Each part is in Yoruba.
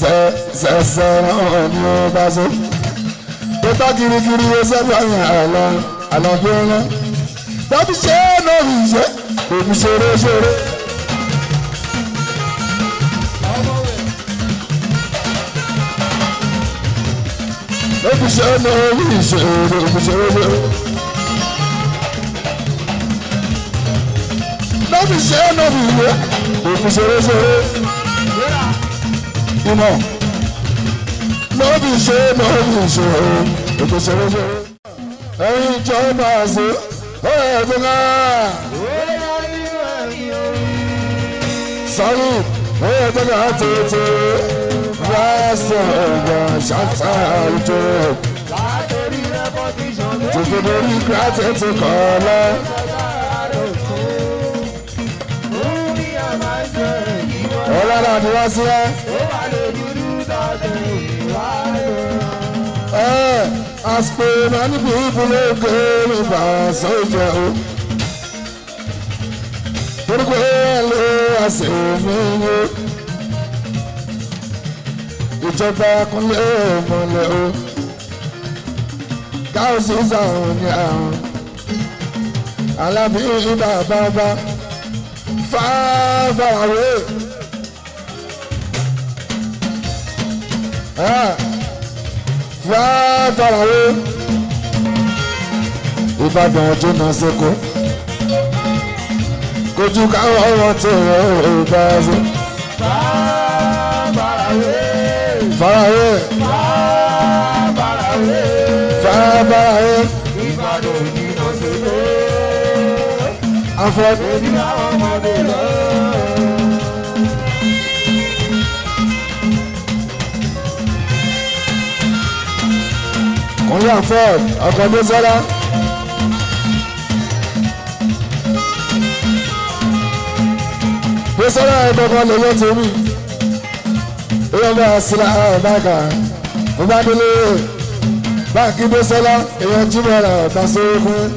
sẹ̀sẹ̀ náà ni ó bá so. pépà kirikiri ó sábà yàn àlọ́ àlọ́ bí ó rán. dábì ṣe é náà fi ṣe òbí ṣeré ṣeré. òbí ṣe é náà fi ṣe òbí ṣeré ṣeré. dábì ṣe é náà fi ṣe òbí ṣeré ṣeré you know. No be ṣe no be ṣe o, ètò ṣeré ṣeré. Ẹyin ìjọba àṣẹ, ó yẹ kí n ká. Sọ́rí, ó yẹ kí n ká tètè. Láṣẹ ọ̀gbà ṣàtà àwùjọ. Látòrí rẹ́pọ̀tì ṣọ̀lẹ́. Tòkè lórí kíláàtì ti kọ́ ọ lọ. ọlọ́run ti wá sí ẹ. ó wà lè dúdú tọ́jú ìwà rẹ̀. àsìkò náà níbi ìbúlẹ̀ òkè ìbà sọ́jà o. torípé ẹ̀lú àṣẹ mi o. ìjọba kúnlẹ̀ mọ́lẹ̀ o. gáàsì sàrùn ní àrùn. alábí bàbá bá fáfáwé. wá farawe ìbàdàn ọjọ́ náà sẹ́kọ̀ọ́ kojú káwọn ọmọ tẹ̀lé ìbá ẹsẹ̀. farawe farawe farawe farawe ìbàdàn ọjọ́ náà sẹ́kọ̀ọ́ afọ. múlá ford ọkọ̀ tó sọ́lá. tó sọ́lá ẹ̀dọ́ kan lè yẹ tèmi èèyàn bá sílá ọ̀bàkà ọ̀bàdélé báńkì tó sọ́lá èèyàn jùmọ̀ rà ọ̀tà sókun.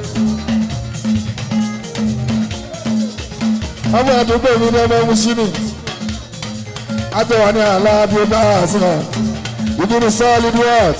ọmọ àdúgbò mi ní ọmọ mùsùlùmí àtẹwà ní aláàbí bá a sọ ìdúró sọ́ọ́lì duwọ́t.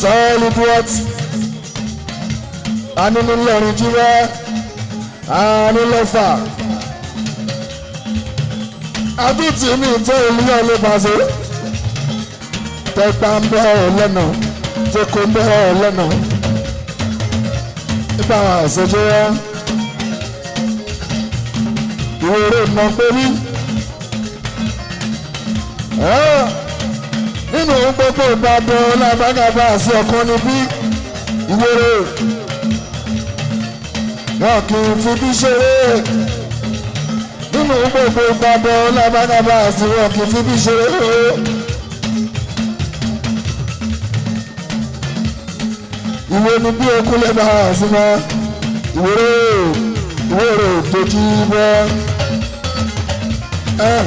Selibuot anínúlọrin jíwẹ́ anínlọ́fà àbútì mi tó olúyọ̀ ló bá ṣe tẹ́pá ń bẹ́ ọ lẹ́nà tẹ́kọ̀ ń bẹ́ ọ lẹ́nà nípa àṣejọ́ ìwé rẹ̀ mọ̀ pé rí nínú gbogbo ìbàdàn ọlábàgàbà àti ọ̀kan níbí ìwéré wọn kì í fi bí ṣeré nínú gbogbo ìbàdàn ọlábàgàbà àti wọn kì í fi bí ṣeré ìwé ni bí okun lẹ́nu àti mọ́ ìwéré ìwéré dojú bọ́ ẹ̀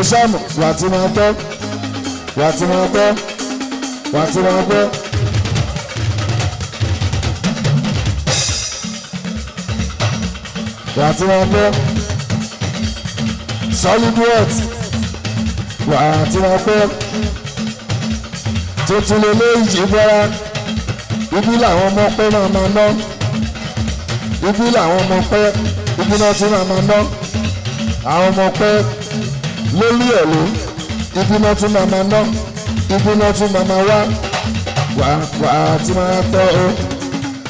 ọ̀sán wàtí máa tọ́. What's á ti máa What's wà á ti What's gbọ́. wà á solid worth What's á ti máa gbọ́ tuntun lélẹ́yìí bọ́ra ibi làwọn ọmọ pẹ́ máa máa ná ibi làwọn ọmọ pẹ́ ibi náà ti máa máa ná àwọn ọmọ pẹ́ lórí ẹ̀ lóyún ibi náà tún màmá ná ibi náà tún màmá wá wà wà tí máa tọ́ o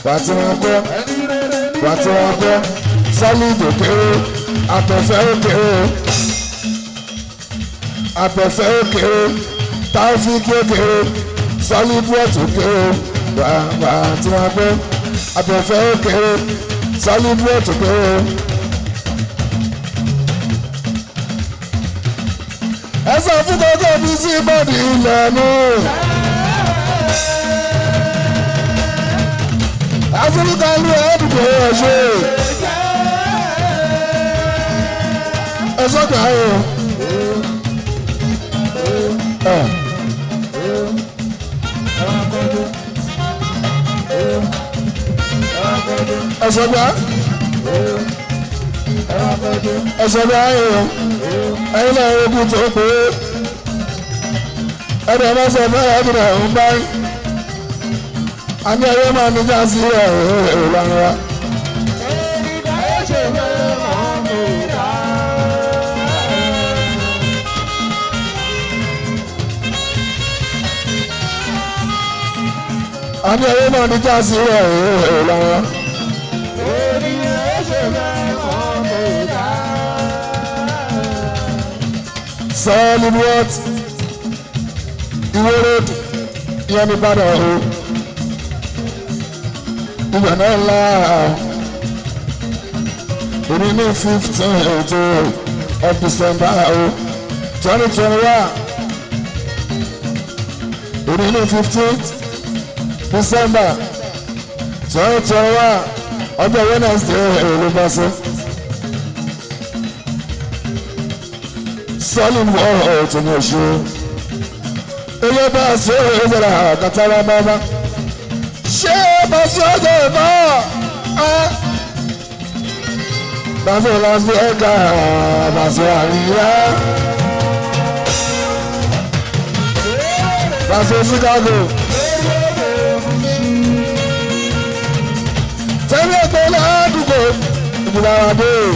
wà tí máa pẹ́ wà tí máa pẹ́ sálídò kéré àtẹ̀fẹ́ òkèrè àtẹ̀fẹ́ òkèrè táfíìkì òkèrè sálíbùọ̀tì òkèrè wà wà tí máa pẹ́ àtẹ̀fẹ́ òkèrè sálíbùọ̀tì òkèrè. fi síbòdì lẹ́nu. afirika ló ẹ̀dùnkò ẹ̀ṣẹ̀ ẹ̀ṣọ́ kàá o. ẹ̀ṣọ́ gbá ẹ̀ṣọ́ gbá ẹ̀yọ̀ ẹ̀yìn náà ẹ̀kú tó pé ẹ̀rọ máa sọ fún ẹ̀rọ ìbílẹ̀ báyìí àmì ẹ̀rọ máa ní já sí ẹ̀rọ èrò lánàá. àmì ẹ̀rọ máa ní já sí ẹ̀rọ èrò lánàá. Celebrate ìwé ròdù ìyẹn ní bàdà o ibà náà ńlá òní ní fifteen ètò of December o twenty twenty one òní ní fifteen December twenty twenty one ọjọ́ Wednesday eh, ló bá sí. Solid wall ọ̀tún ní ọ̀ṣun. Eye ba so zara katara baba. Ṣé ba so de ba? Baso la fi ẹ̀ka baso àríyá. Baso Chicago. Tẹ́lẹ̀ pé ládùúgbò ìbùdó àwọn adé.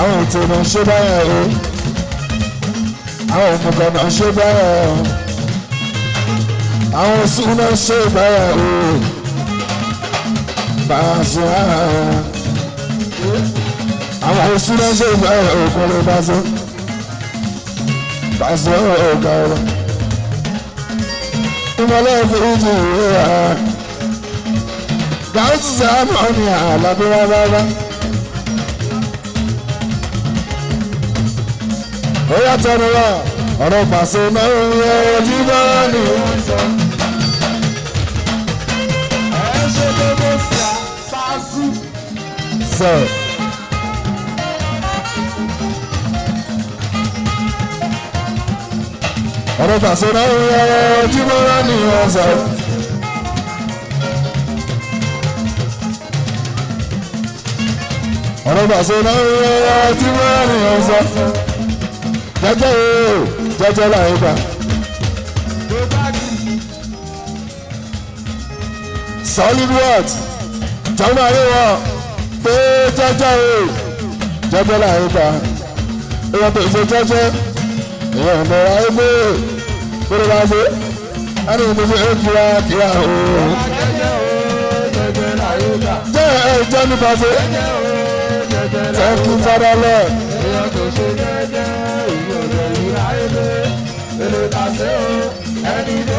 àwọn ètò ọ̀nà ṣé báyà o àwọn òmùgọ̀ ọ̀nà ṣé báyà o àwọn súnmọ́ ṣé báyà o bàzọ ah. àwọn súnmọ́ ṣé báyà o kò lè bàzọ bàzọ ọ̀gá ọ̀rọ̀ ìmọ̀lẹ́ ìfòrújì ìwé rà dáhùn sí sáà mọ́ ni àlàbí rárá rárá. Oya yà tẹnu wá ọ̀rọ̀ pàṣẹ náà ń yẹ ojú bá ní. sir. ọ̀rọ̀ pàṣẹ náà ń yẹ ojú bá ní ọ̀sán. ọ̀rọ̀ pàṣẹ náà ń yẹ ojú bá ní ọ̀sán jẹ́jẹ́ o jẹ́jẹ́ là ń gbà. solid word jọmọ ayé wọn pé jẹ́jẹ́ o jẹ́jẹ́ là ń gbà. èèyàn tó ṣe jẹ́jẹ́ èèyàn tó ra é pé kó ló bá ṣe ẹni tó ṣe é kíra kíra o. jẹ́ ẹ jẹ́ nípa ṣe. Thank you, Father Lord èlò tàṣe o ẹni tó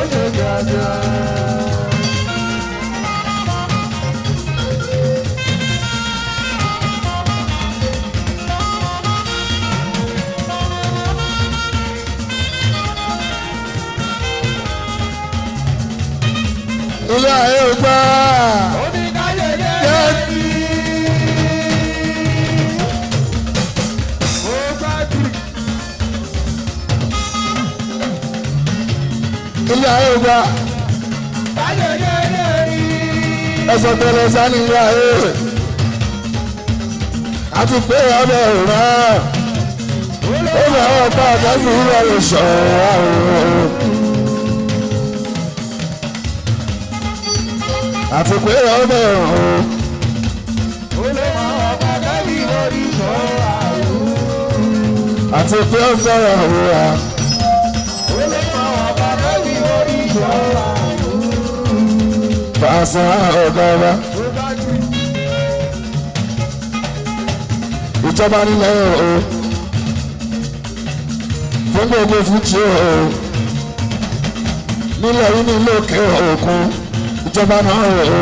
dá. ẹsọ tẹlẹ sani ya ẹ àtúpẹ́ ọbẹ̀ rán ó bẹ̀ ọ́ pa àtẹ́sí ìwà ìṣòro àwọn. àtúpẹ́ ọbẹ̀ rán àti pé ó fẹ́ràn òwúrọ̀. fàṣà ọ̀gára. ìjọba nílẹ̀ o fún gbogbo fújì o nílẹ̀ yìí nílò òkè òkun ìjọba náà o.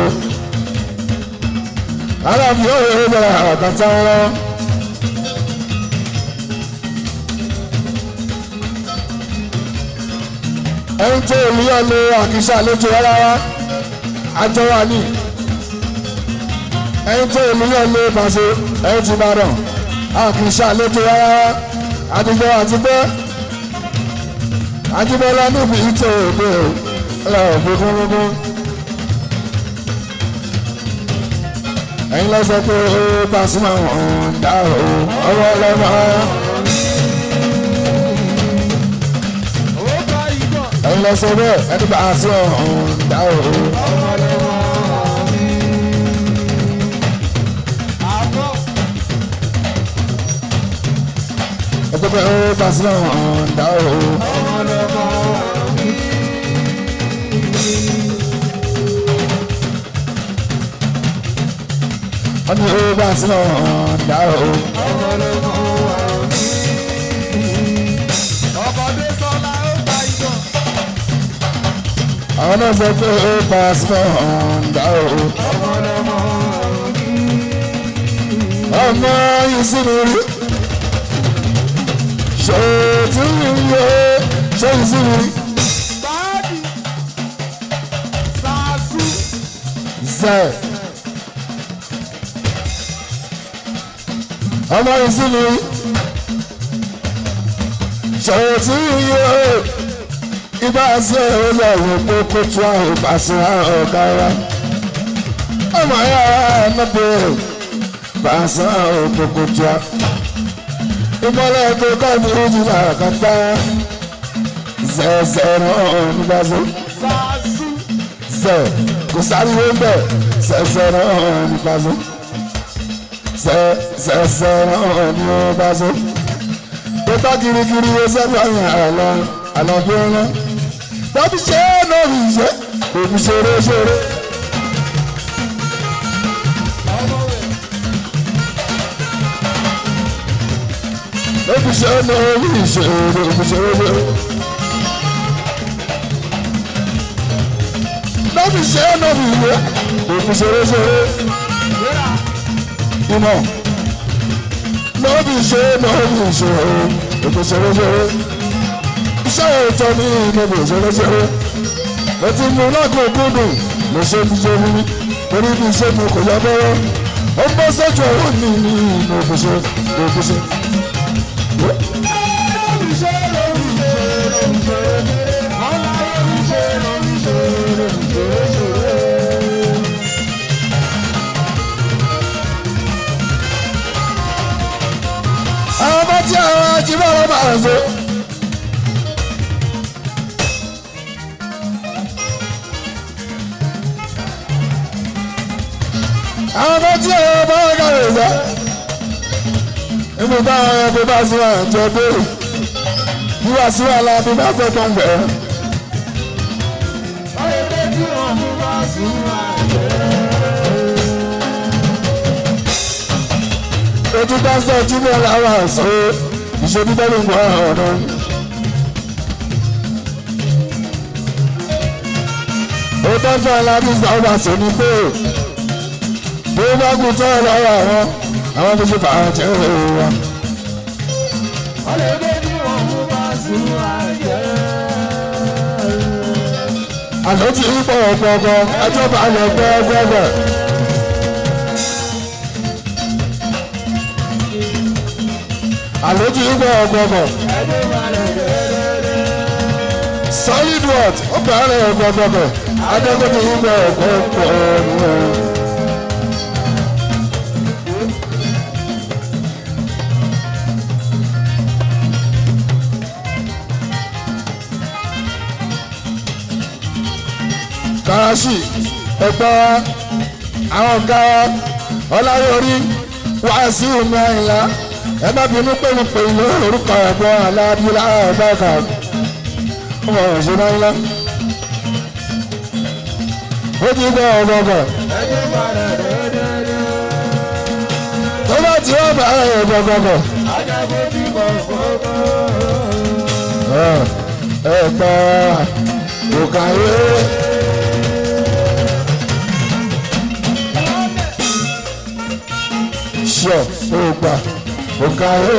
aláàfin òye ó bẹ̀rẹ̀ àtàtà wọn. ẹni tó olùyọ̀lé àkíṣà lójú rárá àjọwà ní ẹni tó olùyọ̀lé pàṣẹ ẹni tí bá dàn àkíṣà lójú rárá àdìjọ àti bẹ́ẹ̀ àdìbọ́lá níbi ìtò òde ọlọ́run fífún lógún. ẹ̀yin lọ́sọ̀ pé ó bá sí máa ń dá o ọwọ́ ọlọ́mọ. ẹ̀yin lọ sọ bẹ́ẹ̀ ẹni bá a sí ọ̀hún dá o. ẹgbẹ́ bẹ́ẹ̀ bá a sí ọ̀hún dá o. ọ̀nà bá a sí ọ̀hún dá o. àwọn náà sọ pé ó pásítọ̀ ọ̀ǹda o. ọmọ ìsinmi rí ṣe tí mi ń yọ ṣe ìsinmi rí. zẹ. ọmọ ìsinmi rí ṣe tí mi ń yọ ibà ṣe ó lọ́wọ́ mú kó tó àwọn pàṣẹ ọ̀gá wa ọmọ ayé ara nàbẹ̀ pàṣẹ ọ̀gbọ̀n kó tó a. ìmọ̀lẹ̀ tó kọ́ ní ojú làkàtà zẹ̀zẹ̀ náà nígbà tó zẹ̀ kò sáriwo bẹ̀ zẹ̀zẹ̀ náà nígbà dábì ṣe é náà rí iṣẹ́ òun ṣeré ṣeré. dábì ṣe é náà rí iṣẹ́ òun ṣeré ṣeré. dábì ṣe é náà rí iṣẹ́ òun ṣeré ṣeré. ìmọ̀ dábì ṣe é náà rí iṣẹ́ òun ṣeré ṣeré ṣe ètò ní ìmọ̀bù ṣẹlẹ́ṣẹlẹ́ mo ti mú lágùn gúdùn mo ṣe ti ṣe wíwí torí bí iṣẹ́ mi kò yá bọ́wọ́ ó bọ́ sẹ́jọ ọ̀rọ̀ mi ní ìmọ̀bù ṣe ìmọ̀bù ṣe. àwọn tó tí ẹ̀rọ bá wà kàwé sá ibi bá wọn ẹbí bá sí wọn tó béèrè wíwá sí wàhálà bí bá fẹ́ tó ń bẹ̀ ẹ́. ojú dáńsọ̀ júbọ̀ làwọn àṣọ ìṣèlú tẹ́lẹ̀ ń bọ̀ ọ̀nà. ó tọ́jú aláàbí sáwọn àṣọ ní bẹ́ẹ̀ bó bá kú tọ́ lọ́wọ́ àwọn àwọn tó ti bàá jẹ́ òun wa. wọ́n lè dé bí mú bá sùn àjẹ́. àná ti ń pọ̀ ọ̀pọ̀ọ̀pọ̀ ẹjọ́ bá lọ gbẹ́gbẹ́gbẹ́. àná ti ń pọ̀ ọ̀pọ̀ọ̀pọ̀. solid word ó bẹ̀rẹ̀ ọ̀pọ̀ọ̀pọ̀ adẹ́gbẹ́ni ń bẹ̀ ọ̀pọ̀ọ̀pọ̀ ọ̀pọ̀. Karachi Ẹ̀gbá àwọn ọ̀gá ọláyọrí wàásù mẹ́ìlá ẹ má bínú pé mo pè ní orúkọ ẹ̀gbọ́n aláàbílá àgbàkà ọmọ ọ̀ṣẹ́ náírà ó ti gbọ́ ọ̀gọ̀gọ̀ tó bá ti wá bá ọ̀gọ̀gọ̀ ẹ̀gbọ́n òkàwé. sure ó gbà ó kárí ẹ̀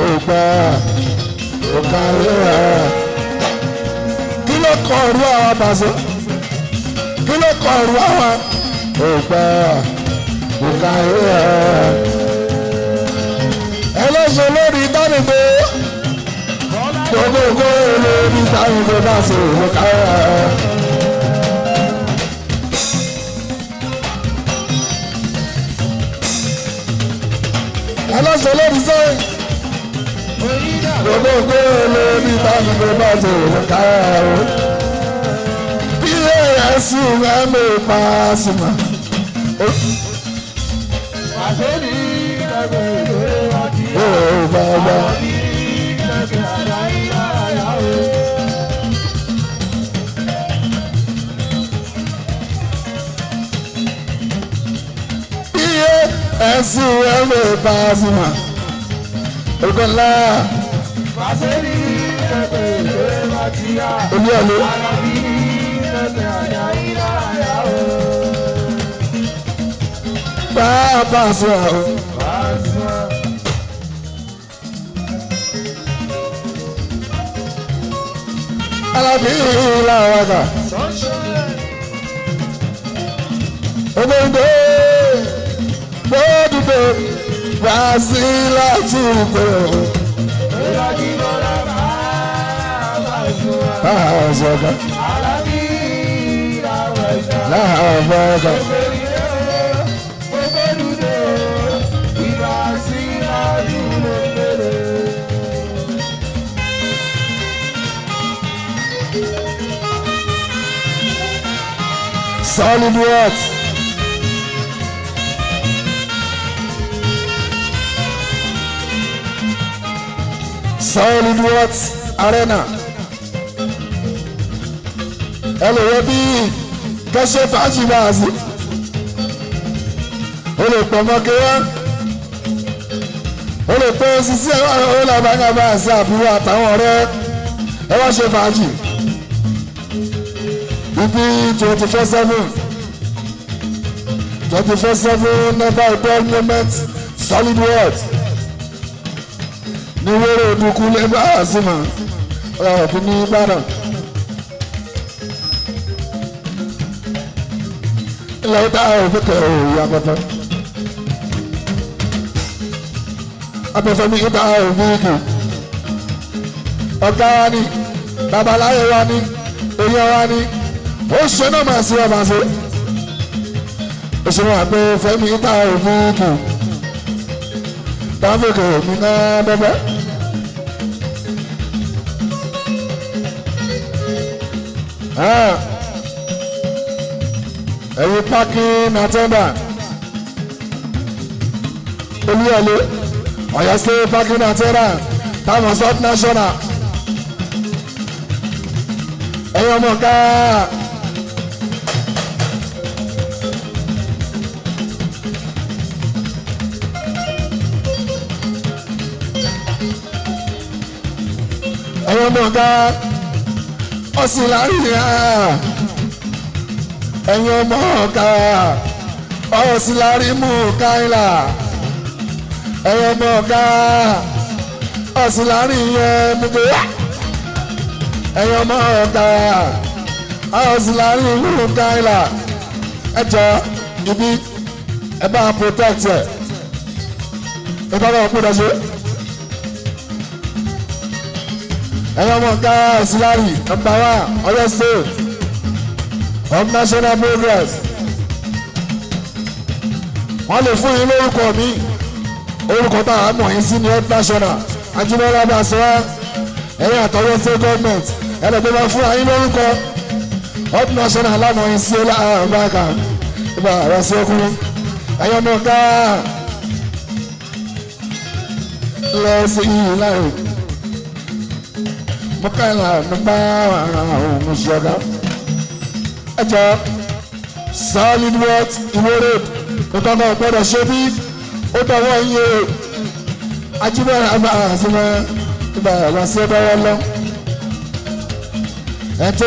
ó gbà ó kárí ẹ̀ kí ló kọ ọ̀rú àwọn bàzọ́ kí ló kọ ọ̀rú àwọn ó gbà ó kárí ẹ̀ ẹ lọ́sọ̀ lórí dánìgbò gbogbo gbogbo lórí aláṣẹ lórí sẹ́yìn. Gbogbo gbé lórí tábìlì gbé bá ṣe wò ká o. Bí èèyàn sì wá mi pa àsìmọ̀. Àṣé ní ìgbàgbọ́ ìwé wa kì í. Ó bá bá. ẹ̀sìn ẹ̀rọ Pasuma orúkọ ńlá. pàṣẹ́lì ẹ̀bẹ̀ ìwé màtíyà alábí ẹ̀bẹ̀ àyà ìlànà o. bá a Pasuma o. Pasuma. alábí ìlànà wàgà. olóńgbò pé bàásì láti pé. ìrọ̀jìbọ̀lá máa bá a sọ̀rọ̀. alábí ìràwọ̀ ìjà. láàbọ̀ ọ̀gá. Solid works. Solid Words Arena ẹ lè wọ bí kẹsẹ fàájì máa sí o lè pọ̀ mọ́kẹ́ wá o lè pẹ́ sisi ẹ̀ wá o lè àbúrò àtàwọn ọ̀rẹ́ ẹ wá ṣe fàájì ibi twenty four seven twenty four seven never a moment. solid Words. ni wo bukú lé bá a sí mọ̀ ọ̀rọ̀ ọ̀bí ní Ìbàdàn. ilẹ̀ ìta òfin tẹ̀ òòyì afẹ́fẹ́. afẹ́fẹ́ mi ìta òfin kù. ọ̀gá wa ni babaláyé wa ni èèyàn wa ni ó ṣe náà máa ṣe ọba ṣe. òṣèlú àgbẹ̀ fẹ́mi ìta òfin kù. táfíìkì mi náà bẹ́ẹ̀ bẹ́ẹ̀. Ah. ẹ̀yin parking attendant olúyọ̀lé ọ̀yọ́ state parking attendant táwọn south national ẹ̀yin ọmọ káà. ẹ̀yin ọmọ káà ọ̀sùn láríyá ah. ẹ̀yin ọmọ ọ̀ka ọ̀sùn lárí mú káìlà ẹ̀yin ọmọ ọ̀ka ọ̀sùn láríyá gbogbo ẹ̀yin ọmọ ọ̀ka ọ̀sùn lárí mú káìlà ẹ̀jọ̀ ibi ẹ̀ bá protect ẹ̀ ẹ̀ bá bá wọn kú dáṣẹ́. ẹ̀rọ ọmọ ọ̀gá asilari nọmba wa ọ̀yọ́ state of national progress wọ́n lè fún yín lórúkọ mi orúkọ tá a mọ̀ yín sí ni health national ajúmọ́lá bá sọ wá ẹ̀yìn àtọwọ́ state government ẹ̀rọ tó bá fún yín lórúkọ health national lánàá yín sí ọba kan ìbá ara sí ọkùnrin ẹ̀yọ́ ọmọ ọ̀gá lọ sí yìí láàrin bọ́kànlá nọ́mbà ọ̀hún ṣọ̀gá. ẹ jọ solid worth ìwé road nǹkan kan gbọ́dọ̀ ṣe bí ó dọ̀wọ́ iye ajibọ́ra bá a sí mọ́ ibà wá sí ẹgbẹ́wọ́ lọ. ẹ tó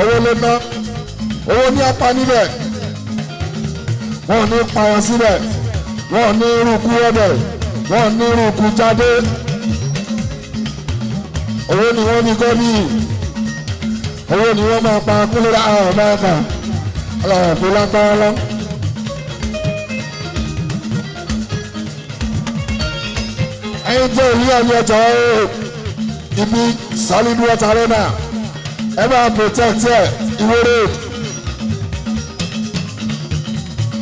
owó ló ná owó ní apá níbẹ̀ wọ́n ní pa wọn síbẹ̀ wọ́n ní irú kú ọ̀dẹ̀ wọ́n ní irú kú jáde owó ni wọ́n fi gọ́ bíi owó ni wọ́n máa pa kúlóra àwọn máa kà ọlọ́run fún lágbára ẹyin tí ò ní ọ̀nì ọjà ooo ibi solid water arena ẹ máa protect ẹ Ìwó road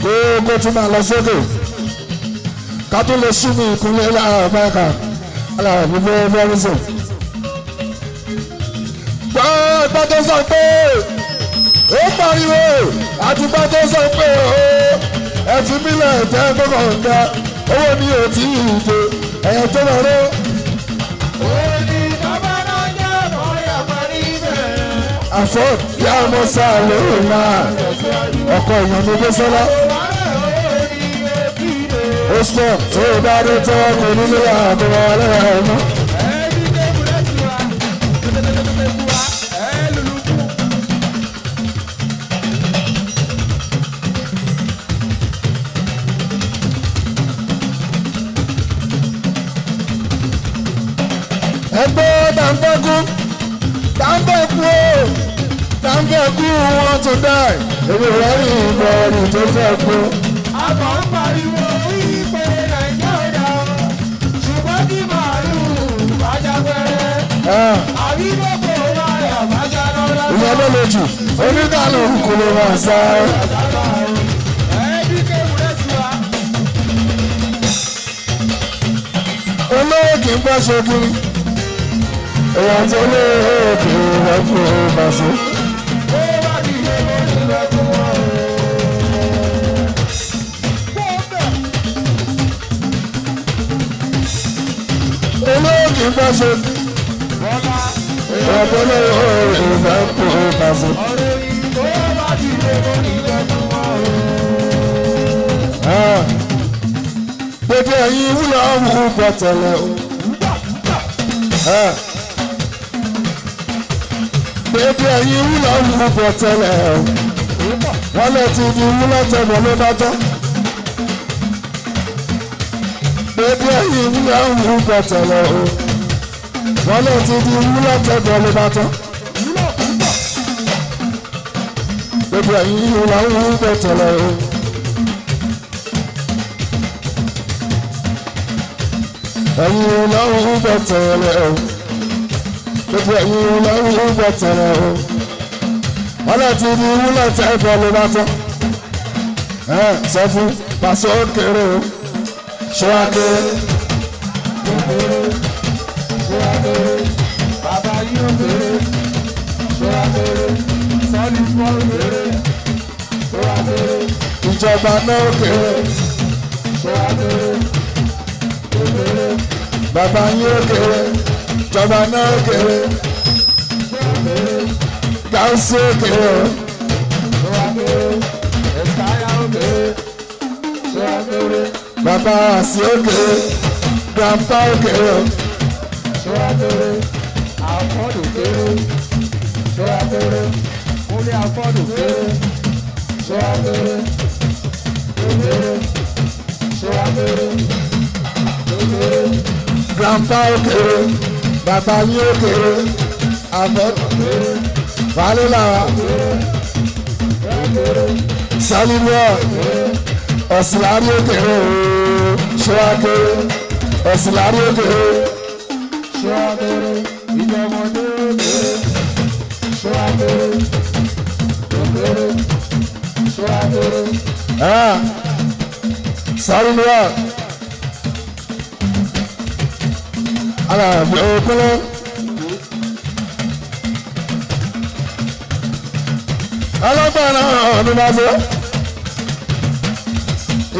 kó kó tún máa lọ sókè ká tó lè ṣí mi ìkúnlẹ̀ láàárọ̀ báyìí kan aláàbò fẹ́ẹ́ fẹ́ẹ́ rí sùn àtìgbà tó sọ pé ó pariwo àtìgbà tó sọ pé ó ẹtì mílẹ̀ ẹ̀jẹ̀ gbọ́ngàn ọ̀gá owó mi ò tí ì dé ẹ̀yẹ tó lọ rẹ́. àfọ yà mọ sàlẹ ọlá ọkọ èèyàn mi gbé sọlá ó sọ tó o bá dé tọ́ ọkùnrin nílé àbúrò ọlẹ́yà ọmọ. ẹgbẹ́ tàǹfẹ́gún tàǹfẹ́kú o tàǹfẹ́kú wọn tó dá èmi rẹ̀ ní ìbọ̀rì tó fẹ́ kú. àbọ̀ ń pariwo ìpè nàìjíríà ṣùgbọ́n kí màálùú bá jágbẹ́rẹ́ àbí gbogbo wa yà bá jáná lọ́wọ́. ìyẹn ló lè jù oníkàlù kò lè wà sáré. olówó kì í gbọ́ ṣe kiri èèyàn tó lé èdè lọ́jọ́ ìbàṣẹ́. olóògì bàṣẹ. èèyàn tó lé èdè lọ́jọ́ ìbàṣẹ́. Gbogbo ẹ̀yin wúlò ọ̀hún bọ̀tẹ̀lẹ̀ o. Ah. Bébí ẹ̀yin wúlọ̀ ń bọ̀ tẹ́lẹ̀ o. Wọ́n lè ti di wúlọ̀ tẹ̀mọ̀ ló dájọ́. Bébí ẹ̀yin wúlọ̀ ń bọ̀ tẹ́lẹ̀ o. Wọ́n lè ti di wúlọ̀ tẹ̀mọ̀ ló dájọ́. Bébí ẹ̀yin wúlọ̀ ń bọ̀ tẹ́lẹ̀ o. Ẹ̀yin wúlọ̀ ń bọ̀ tẹ́lẹ̀ o gbogbo ẹ̀yin ilẹ̀ ìlú bẹ̀ tẹ̀rẹ̀ o wọ́n lè ti di wúlẹ̀ tẹ́ fẹ́ ló bá tán ẹ sọ fún pàṣẹ òkèrè o ṣọ́wáké. bàbá yóò bèrè ṣọ́wáké sọ́ọ́lì fún ọ́ bèrè ṣọ́wáké. ìjọba náà kéré ṣọ́wáké bàbá yóò kéré jọba náà kéré gáúsù kéré bàbá àṣì òkèrè grandpa òkèrè afọ́dù kéré ṣọ́ra kéré kúlé afọ́dù kéré ṣọ́ra kéré kéré ṣọ́ra kéré kéré. grandpa ó bàbá mi ó kéré àfẹ́kùnrin balóláwa sálíwọ̀ ọ̀sìlárí ó kéré ooo ṣọ́wáké ọ̀sìlárí ó kéré ṣọ́wáké ìjọmọdé ó kéré ṣọ́wáké ó kéré ara mi ò kúnlẹ̀. ọlọ́gbọ̀nà ọdún bá ṣe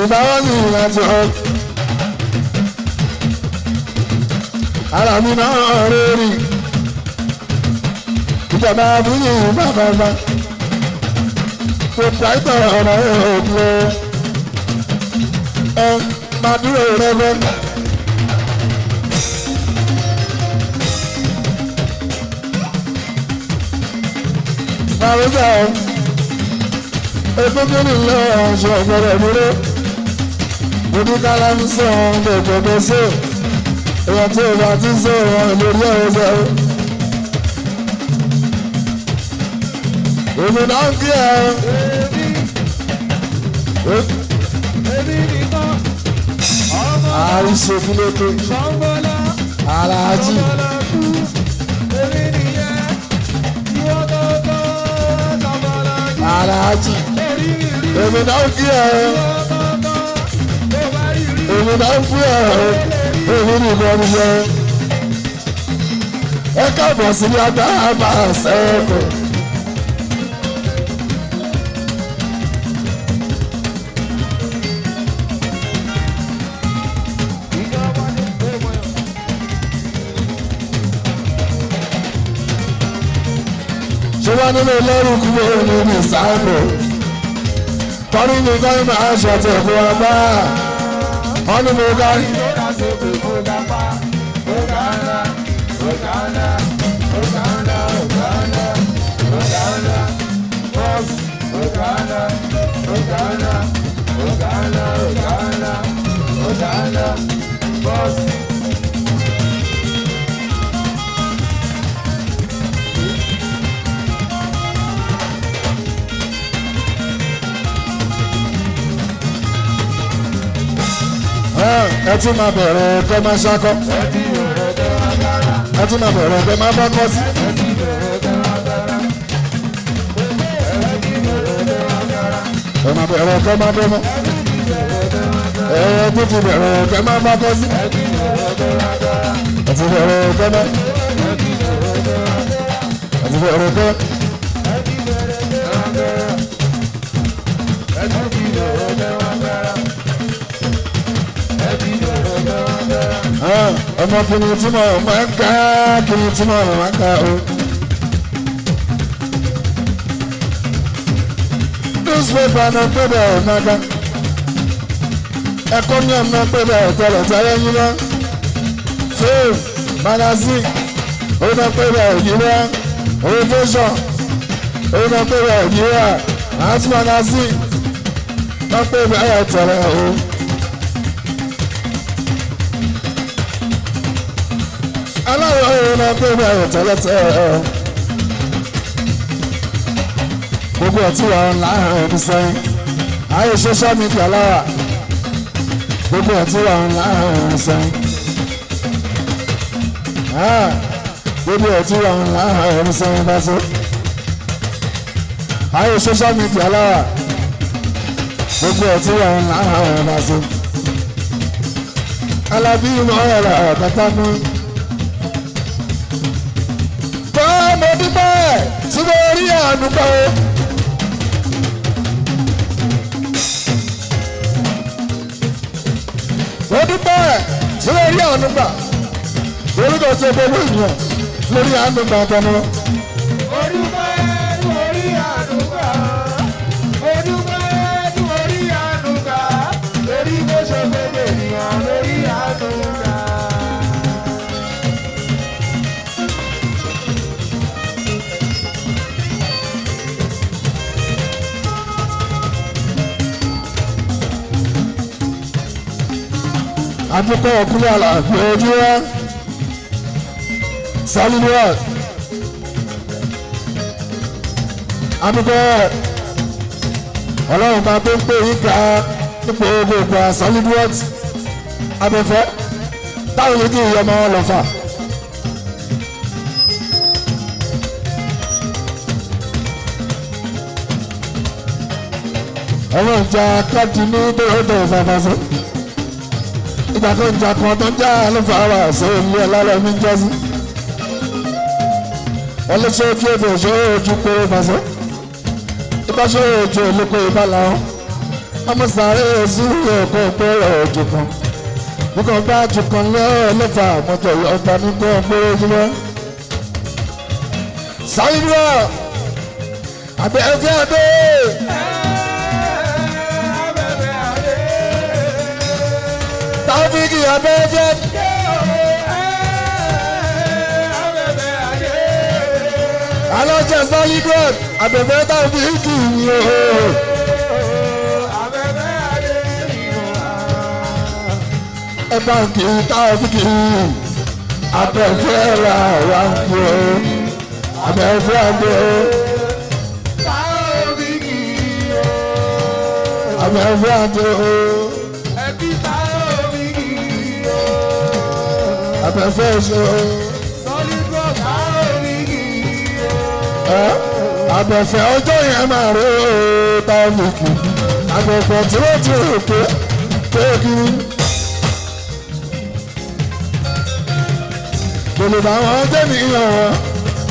ìbáwọ́ ní ìrántí ọdún. ara mi náà rẹ́rìn ìjọba abúlé bàbàbà proprietor ọ̀nà ẹ̀ òkú ẹ máa dúró rẹ bẹ́ẹ̀. àrùbá egbogbo ńlá ọjọ́ ọ̀gbọ̀rọ̀ múlé gbogbo kálá ń sọ ọmọ ìgbọ̀gbọ̀ sí ìwà tí ó bá ti sọ ọmọ ìlórí ọ̀rọ̀ sọ. èmi náà ń kí ẹ. èmi nìkan ọmọ àrùn ṣèkúlẹ̀ tó. Aláàjì. aláàjì èmi náà ń kí ẹ èmi náà ń fún ẹ èmi ní ìmọ̀ mi yẹ ẹ káàbọ̀ sí ní adáhàmà sẹ́kọ̀ọ́. nínú lẹ́rù kúrò nínú ìsáàmù tọ́rí ní gáyé máa ṣọ̀tẹ̀ fún ọgbà wọ́n ní mo gáyé. Boss. ẹ tún máa bẹ̀rẹ̀ ẹgbẹ́ máa ṣakọ́ ẹ tún máa bẹ̀rẹ̀ ẹgbẹ́ máa bá kọ́ sí. ẹ máa bẹ̀rẹ̀ ẹgbẹ́ máa bẹ́ mọ́ ẹ tó ti bẹ̀rẹ̀ ẹgbẹ́ máa bá kọ́ sí. ẹ ti bẹ̀rẹ̀ ẹgbẹ́ máa ẹ ti bẹ̀rẹ̀ ẹgbẹ́. ọmọ kìnìún tí mo máa ń ká kìnìún tí mo máa ń ká o. newspaper náà pé bẹ́ẹ̀ ò náà ká ẹ̀kọ́ ní ọ̀nà pé bẹ́ẹ̀ ò tẹ̀lẹ̀ tẹ́lẹ̀ yín lọ. faith magazine ó náà pé bẹ́ẹ̀ ò yí wá orientation ó náà pé bẹ́ẹ̀ ò yí wá arts magazine náà pé bẹ́ẹ̀ ò tẹ̀lẹ̀ o. náà tó bá tẹ́lẹ̀tẹ́. gbogbo ẹ̀ tí wà ń sẹ́yìn ayé social media lára gbogbo ẹ̀ tí wà ń sẹ́yìn. Ah, gbogbo ẹ̀ tí wà ń sẹ́yìn bá tó. ayé social media lára gbogbo ẹ̀ tí wà ń láàárọ̀ bá tó. alábí mọ́ ẹ̀rọ àgbàtà náà. láàánú gbọ́. mo dúpẹ́ sílẹ̀ rí àánú gbà lórúkọ tí gbogbo ènìyàn lórí àánú gbà tọ́nu. mo dúpẹ́ lórí àánú gbà mo dúpẹ́ lórí àánú gbà lórí bó ṣe gbogbo ènìyàn lórí àánú. adúpẹ́ ọkùnrin àlàfẹ́ ojú wa sálíwá adúpẹ́ ọlọ́run máa tó ń pè yín ká nípa gbogbo àsálíwá abẹ́fẹ́ táwọn yìí kì í yọmọ lọ́fà. ọlọ́run jẹ́ akádìní tó yọ̀ dọ̀ ìjàkọ̀jà kan tó ń já àlùfáàrà sórí ilé ọlọ́rọ̀ mi jọ́sí. wọ́n lé sóòtú èdè sóòtú pé fàṣẹ. ibà sóòtú olóko ibà làwọn. ọmọ sàárè sí ẹ̀kọ́ pẹ̀rẹ̀ òjò kan. nǹkan bá jù kan lọ́ọ́ lẹ́fà mọ́tò ọ̀tá nígbà péré jùlọ. sáré náà àbẹ̀ ẹ̀fẹ́ àbẹ́. Taofiki abeje, alájà solid rock abẹ́fẹ́ Taofiki ni o. ẹ bá ń kí Taofiki abẹ́fẹ́ ra wa fún ọ abẹ́fẹ́ abẹ́ ọ. I'm a brother. fẹ́fẹ́ ṣe o. sọ́lídọ̀ sáré ní iye. àbẹ̀fẹ̀ ọjọ́ yẹn máa rí o tàbíkì àbẹ̀fẹ̀ tí wọ́n ti rò pé pé kiri. gbòlùbà wọn jẹ́nìyàn wọn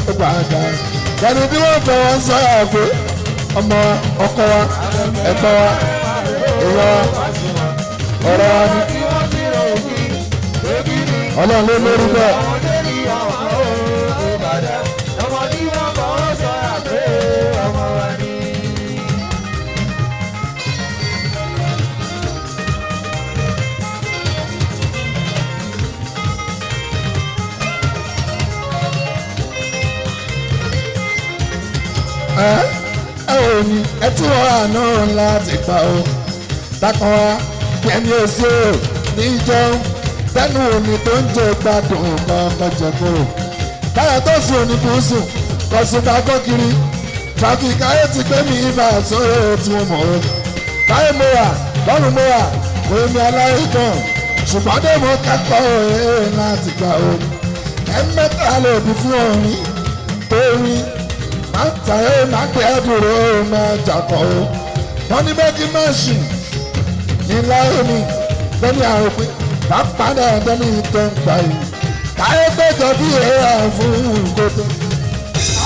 ó gbàgbà ẹni tí wọ́n fẹ́ wọn sọ yà pé ọmọ ọkọ wa ẹ̀tọ́ wa ìwọ ọ̀rọ̀ wa ni ọlọ́run ló lórí bẹ́ẹ̀. ẹ ẹ ò ní ẹ tí wọn àná láti pa ó takọ wa kí ẹni ò sí ò níjọ́ ń sẹ́nu òní tó ń jẹ gbádùn kankan jẹ̀kọ̀rọ̀ táyà tó sùn òní kò sùn kò sùn ká kó kiri traffic ayé ti gbé mi ibà sóyè tí mo mọ̀ ọ́ táyà mo wà lọ́rùn mo wà omi aláyé kan ṣùgbọ́n dé mo kẹ́kọ̀ọ́ òye láti gbà ó ẹ mẹ́ta lè bí fún ọ̀rìn tó rí má tàyé má gbé ẹ̀dùrọ̀ má jàkọ̀ ó wọ́n ní bẹ́ẹ̀ kí má ṣì ní láyé mi lẹ́ni àròpin ká padà bẹ́nu tó ń pa yìí káyé péjọ bí èèyàn fún ìkótó.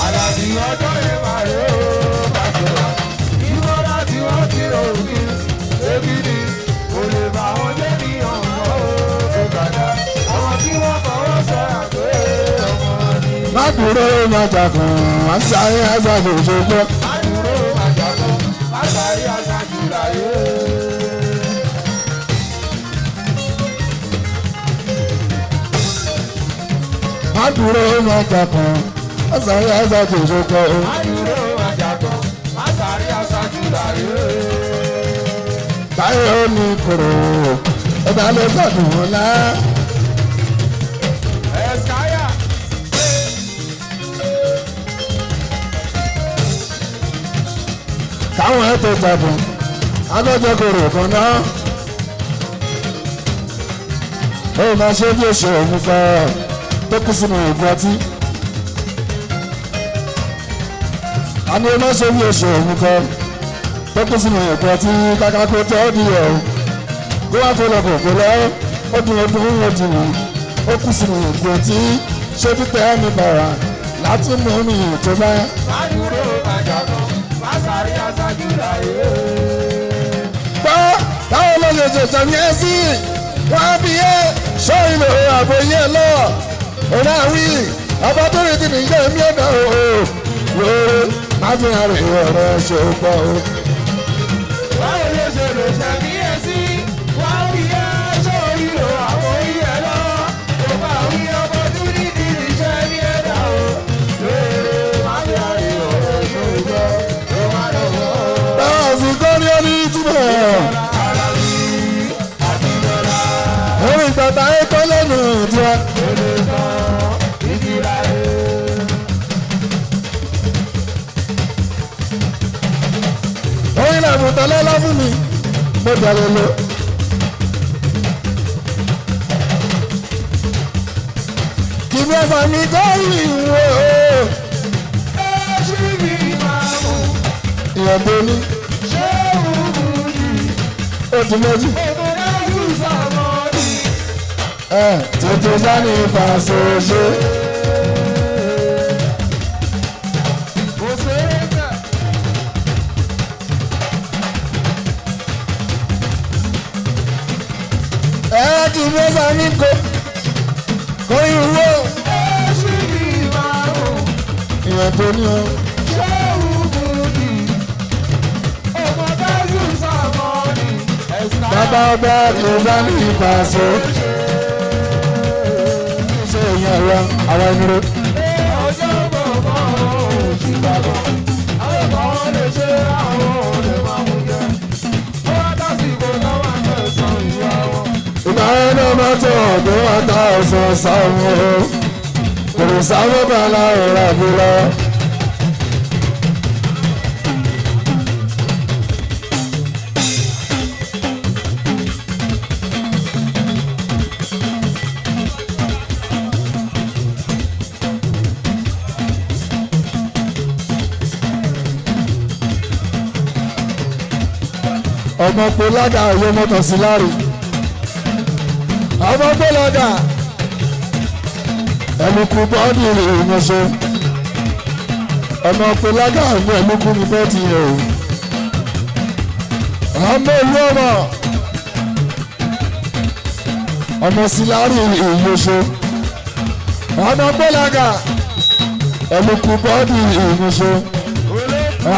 àlàbí ọjọ́ yẹn máa yọ ọ́ bá ṣe wá ìwọ́n láti wọ́n ti òní ebi ni kò lè bá wọn jẹ́ ní ọ̀nà ó gbàdá àwọn tí wọ́n fọwọ́ sọ̀rọ̀ pé ọmọ ni. ládùúró máa jà kan àṣàyè àṣàyè òṣèlú. ládùúró máa jà kan àṣàyè àṣàyè. má dúró mọ́jà kan má sáré aṣáájú ìṣòkò. má dúró mọ́jà kan má sáré aṣáájú láyé. báyọ̀ ní kòrò ọba ló gbàdùn ọ̀la. káwọn ẹ̀ tó gbàdùn agbẹ́jọ́ kòrò kan náà ó máa ṣe bí oṣù òun tẹ́kù sínú oògùn ọtí. a ní ọlọ́sẹ̀ bí oṣù ọ̀hún kan tẹ́kù sínú oògùn ọtí kákákó tẹ́ ọ́ di ọ̀hún. kó wá fẹ́ lọ́kọ̀ kó lọ́ ó dùn ó dùn ó dùn ó kù sínú oògùn ọtí ṣé títẹ́ ẹni bàrà láti mú mi tó bá. fàdúró àjàkọ́ fásárì àṣájú láyé. gbọ́ báwo ló lè ṣètò ní ẹ́sìn wọ́n á bí yé ṣọ́ ìlò àbòyé lọ́wọ́ ọ̀nà àwí ọba tó retí ní ìjọ èmi ọ̀nà òòó wẹ́rẹ́ máa fi hàn rẹ̀ ọ̀rọ̀ ṣe ń pọ̀ o. báwo ló ṣe lè ṣàkíyèsí wọ́n fi yá sórí lò àwọn oríyẹ lọ kó bá wí ọmọ tó ní ti ṣiṣẹ́ ní ẹ̀dá o wẹ́rẹ́ máa fi hàn rẹ̀ ọ̀rọ̀ ṣe ń mo dàrẹ lọ. kìnìún ẹ̀fà mi dẹ́rù ìwé o. ẹṣin mi máa mú. ìyá bọ́lú. ṣé òun yìí. ó ti mọ́jú. èmi náà yóò sàmọ́ ni. ẹ tuntun sani fàṣọ ṣe. ti mẹ́fà ní kò kò ìwọ. èsì ìwà o. ìwà tó ní o. ṣé òògùn ni ọmọ bẹ́ẹ̀sì sàmọ́ ni bàbá ọba tó bá ní ìfàṣọ. ṣé èèyàn ẹ̀rọ àwọn ẹni rẹ. ọjọ́ bọ̀ bọ̀ ò sí bàbá àwọn ọmọ lè ṣe àwọn. kaina mato bira ta so samu kuru samu bala ora bula ọmọ polaga ayé mọ́tò sí lárí ọmọ gbọ́lọ́dà ẹ̀mùkù bọ́ọ̀dì rẹ̀ ìmọ̀ṣẹ́ ọmọ ọ̀pẹ̀lágà ọmọ ẹ̀mùkù ní bọ́ọ̀dì yẹn o ọmọ ìlú ọmọ ọmọ sílárì ìmọ̀ṣẹ́ ọmọ gbọ́lọ́dà ẹ̀mùkù bọ́ọ̀dì ìmọ̀ṣẹ́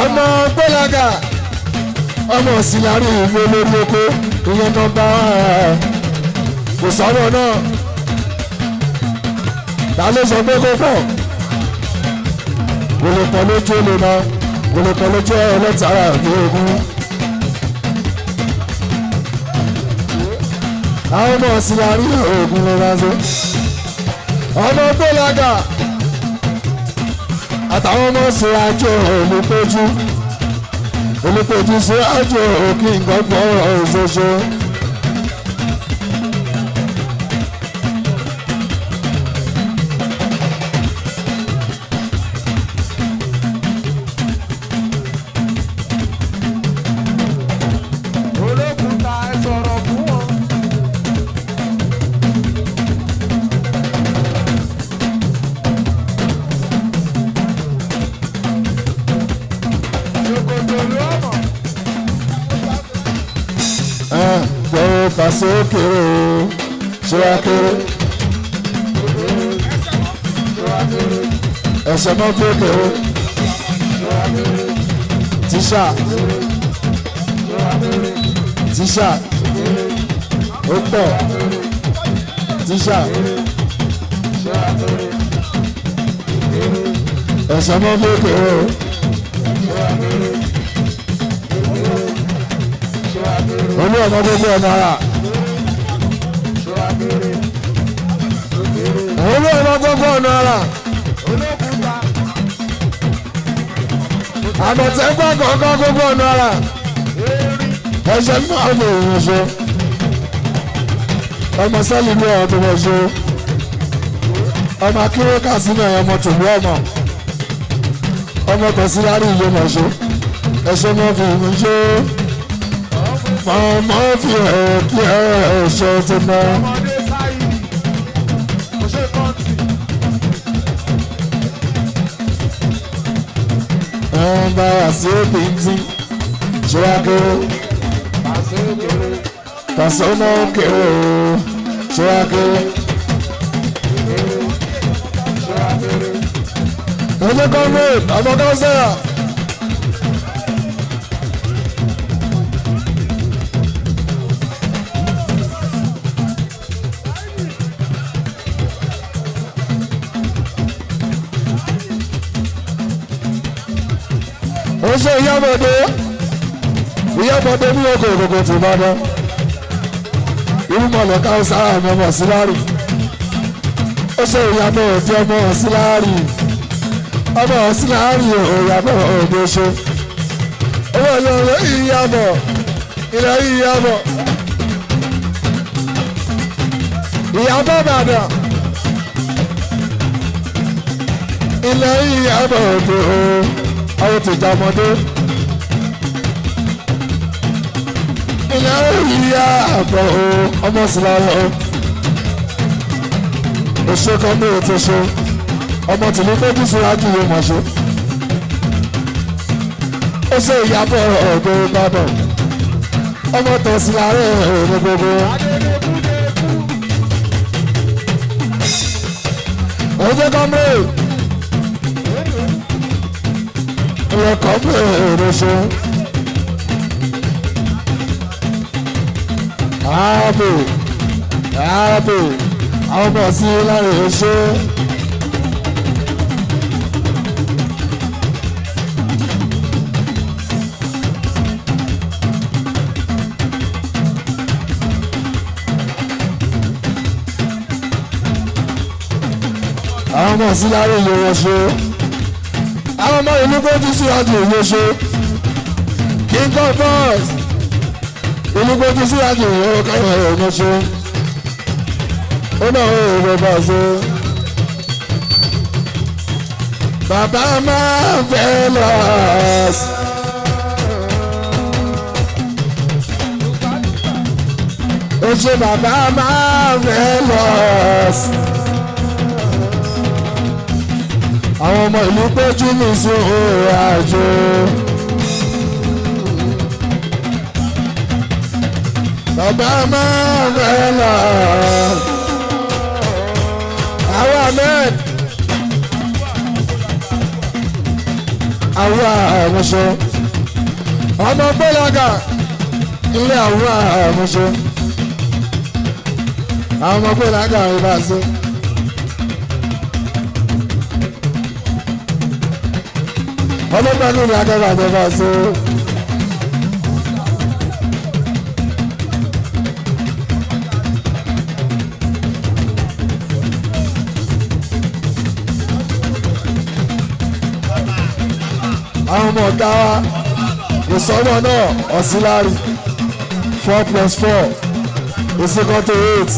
ọmọ gbọ́lọ́dà ọmọ sílárì ìmọ̀ olórí oko ìyẹn nọmba one kò sọ̀rọ̀ náà ta ló sọ pé kó pọ̀ olùkọ́ lójú olè náà olùkọ́ lójú ọlọ́tara ní ogun. àwọn ọmọ ọ̀sìnlá rí ogun lọ́la ṣe ọmọ tó lága àtàwọn ọmọ ọ̀sìnlá jọ olùkọ́jú olùkọ́jú sí àjọ òkè ìgbàgbọ́ ọ̀ṣọ́ṣọ́. sókè o ṣé wàá kéré ẹsẹ̀ mọ́ sókè o tíṣà tíṣà ó pọ̀ tíṣà ẹsẹ̀ mọ́ sókè o. olú ọmọ gbogbo ọmọ ara olú ọmọ gbogbo ọ̀nà ara. àmọ̀tẹ́gbà kọ̀ọ̀kan gbogbo ọ̀nà ara. ẹ̀ṣẹ̀ ní àwọn èèyàn ṣe. ọmọ sẹ́ẹ̀lì ní ọ̀rọ̀ tó wọ́n ṣe. ọmọ akéré kàsínà ọmọ tòlú ọmọ. ọmọ kọ̀síláàrí ìjọ mọ̀ ṣe. ẹ̀ṣẹ̀ mọ́ fi ìlú ṣe. màmá fi ẹ̀ẹ́dì ẹ̀ṣẹ̀ tó náà. bá wà sí òbí tí ṣé wá kéré pàṣẹ náà kéré o ṣé wá kéré. ọjọ́ ṣe ìyábọ̀dé ìyábọ̀dé ní oko òkòkò ti Ìbàdàn irúmọ̀lẹ̀ káwùsà àmì ọmọ síláàrì ó ṣe ìyàbọ̀ òdi ọmọ síláàrì ọmọ síláàrì òyàbọ̀ òde ṣe owó ìyọ̀rọ̀ ìyàbọ̀ ilẹ̀ ìyàbọ̀ ìyàbọ̀ Ìbàdàn ilẹ̀ ìyàbọ̀ òde o ọ̀rọ̀ ti da ọmọdé. ìyàwó yìí yá àbọ̀ o ọmọ sì lára o. òṣè kan ní ètò ṣe ọmọ tìlú méjì síra jù yóò mọ̀ ṣe. ó ṣe ìyàbọ̀ ọ̀gbẹ́ Ìbàdàn ọmọ tẹ̀sí lára ẹ̀ ní gbogbo. òun jẹ́ kọ́mírè. ẹlẹ́kọ̀ọ́ ààbò ààbò àwọn ọmọ sí lára ẹ̀ṣẹ́. àwọn ọmọ sí lára ẹ̀ṣẹ́ àwọn ọmọ ìlú gbójú sí àjò ìyóṣe king of boys ìlú gbójú sí àjò ìyóṣe ó náà ó yẹ bàbá ṣe. bàbá máa ń fẹ́ lọ. ó ṣe bàbá máa ń fẹ́ lọ àwọn ọmọ ìlú péjú mi sún òòrùn àjò. bàbá máa fẹ́ lọ. àwọn ahmed. àwọn àmọ́sọ. ọmọ gbọ́dọ̀gà ilé àwọn àmọ́sọ. àwọn ọmọ gbọ́dọ̀gà ìbáṣe. ọlọ́gbàánú ni agbára àjọba ṣe. àwọn ọmọ ọ̀gá wa kò sọ́wọ́ náà ọ̀sìnláàrì four plus four is equal to eight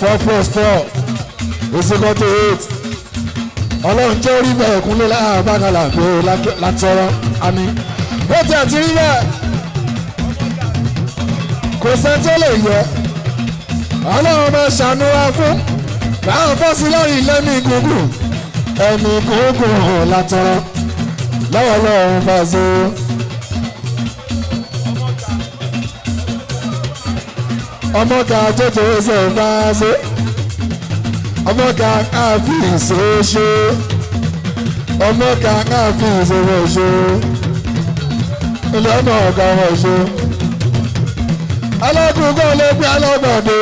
four plus four is equal to eight ọlọ́run jẹ́ orí bẹ́ẹ̀ kúnlé láàbákalà pé látọ́rọ́ àmì ó ti àti rí bẹ́ẹ̀ kò sẹ́ńtẹ́ lè yẹ ọlọ́run máa ṣàánú wa fún káwọn fọ́sí lọ́rùn lẹ́mí gúngùn ẹ̀mí gúngùn látọ́rọ́ lọ́wọ́ ọlọ́run bá ṣe é. ọmọ kan tó tó ṣe é bá ṣe ọmọ kan àfi ìṣòro ṣe ọmọ kan àfi ìṣòro ṣe ìlànà ọ̀gá wọn ṣe alákùnkọ́ ló gbé alágbàdo.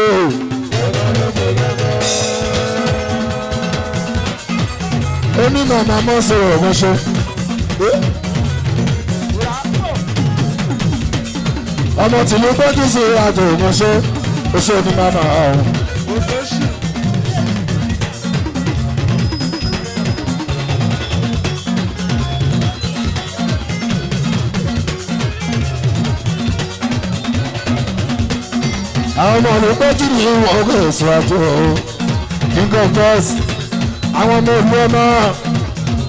onímọ̀ máa mọ̀ sọ̀rọ̀ ọ̀gbọ́n ṣe. ọmọ tìlú gbọ́dọ̀ sí àjò ọ̀gbọ́n ṣe oṣù onímọ̀ máa hàn. àwọn ọmọ olùpẹ́jì ni wọ́n kò síwájú o king of boss àwọn ọmọ ìlú ọmọ